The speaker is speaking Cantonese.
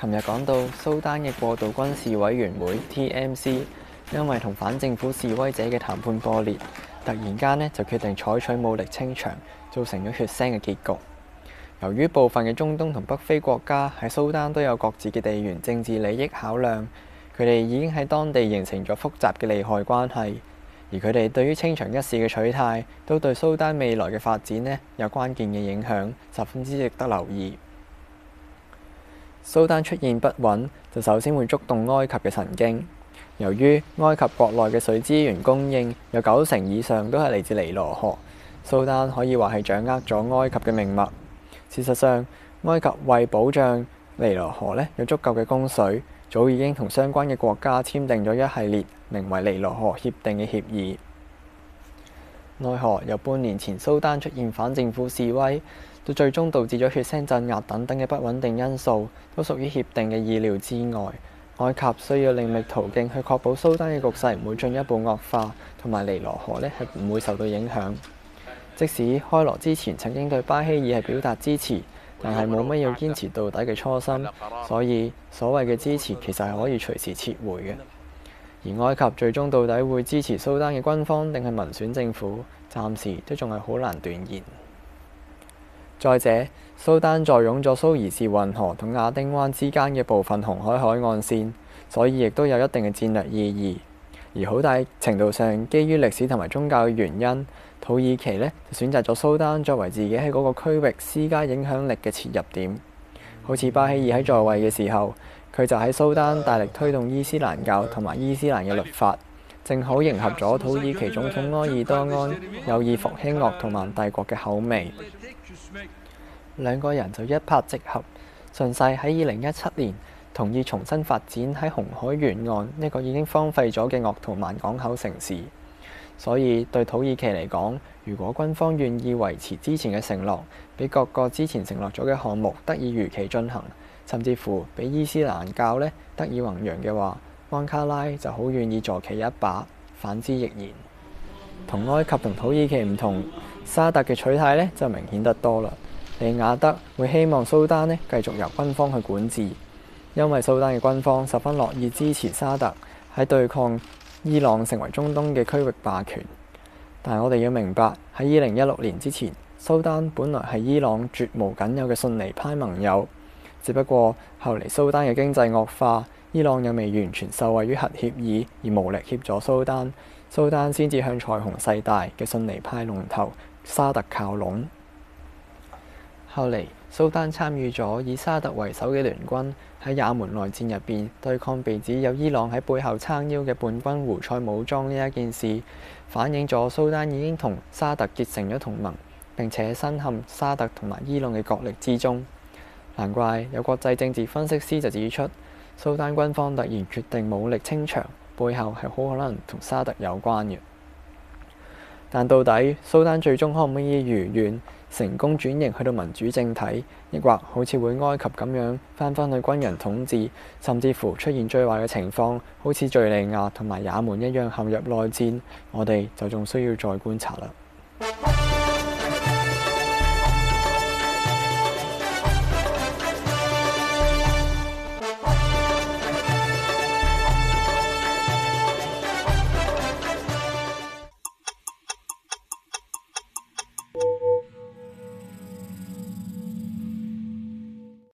琴日講到蘇丹嘅過渡軍事委員會 TMC，因為同反政府示威者嘅談判破裂，突然間呢就決定採取武力清場，造成咗血腥嘅結局。由於部分嘅中東同北非國家喺蘇丹都有各自嘅地緣政治利益考量，佢哋已經喺當地形成咗複雜嘅利害關係，而佢哋對於清場一事嘅取態，都對蘇丹未來嘅發展呢有關鍵嘅影響，十分之值得留意。蘇丹出現不穩，就首先會觸動埃及嘅神經。由於埃及國內嘅水資源供應有九成以上都係嚟自尼羅河，蘇丹可以話係掌握咗埃及嘅命脈。事實上，埃及為保障尼羅河呢有足夠嘅供水，早已經同相關嘅國家簽訂咗一系列名為尼羅河協定嘅協議。奈何由半年前蘇丹出現反政府示威，到最終導致咗血腥鎮壓等等嘅不穩定因素，都屬於協定嘅意料之外。埃及需要另覓途徑去確保蘇丹嘅局勢唔會進一步惡化，同埋尼羅河呢係唔會受到影響。即使開羅之前曾經對巴希爾係表達支持，但係冇乜要堅持到底嘅初心，所以所謂嘅支持其實係可以隨時撤回嘅。而埃及最終到底會支持蘇丹嘅軍方定係民選政府，暫時都仲係好難斷言。再者，蘇丹坐擁咗蘇伊士運河同亞丁灣之間嘅部分紅海海岸線，所以亦都有一定嘅戰略意義。而好大程度上，基於歷史同埋宗教嘅原因，土耳其呢就選擇咗蘇丹作為自己喺嗰個區域施加影響力嘅切入點。好似巴希爾喺在，在位嘅時候。佢就喺蘇丹大力推動伊斯蘭教同埋伊斯蘭嘅律法，正好迎合咗土耳其總統埃爾多安有意復興鄂圖曼帝國嘅口味。兩個人就一拍即合，順勢喺二零一七年同意重新發展喺紅海沿岸呢個已經荒廢咗嘅鄂圖曼港口城市。所以對土耳其嚟講，如果軍方願意維持之前嘅承諾，俾各個之前承諾咗嘅項目得以如期進行。甚至乎俾伊斯蘭教咧得以弘揚嘅話，安卡拉就好願意助其一把，反之亦然。同埃及同土耳其唔同，沙特嘅取態咧就明顯得多啦。利雅德會希望蘇丹呢，繼續由軍方去管治，因為蘇丹嘅軍方十分樂意支持沙特喺對抗伊朗成為中東嘅區域霸權。但係我哋要明白喺二零一六年之前，蘇丹本來係伊朗絕無僅有嘅遜尼派盟友。只不過後嚟蘇丹嘅經濟惡化，伊朗又未完全受惠於核協議而無力協助蘇丹，蘇丹先至向財雄勢大嘅遜尼派龍頭沙特靠攏。後嚟蘇丹參與咗以沙特為首嘅聯軍喺也門內戰入邊對抗被指有伊朗喺背後撐腰嘅叛軍胡塞武裝呢一件事，反映咗蘇丹已經同沙特結成咗同盟，並且深陷沙特同埋伊朗嘅角力之中。難怪有國際政治分析師就指出，蘇丹軍方突然決定武力清場，背後係好可能同沙特有關嘅。但到底蘇丹最終可唔可以如願成功轉型去到民主政體，抑或好似會埃及咁樣翻返去軍人統治，甚至乎出現最壞嘅情況，好似敍利亞同埋也門一樣陷入內戰，我哋就仲需要再觀察啦。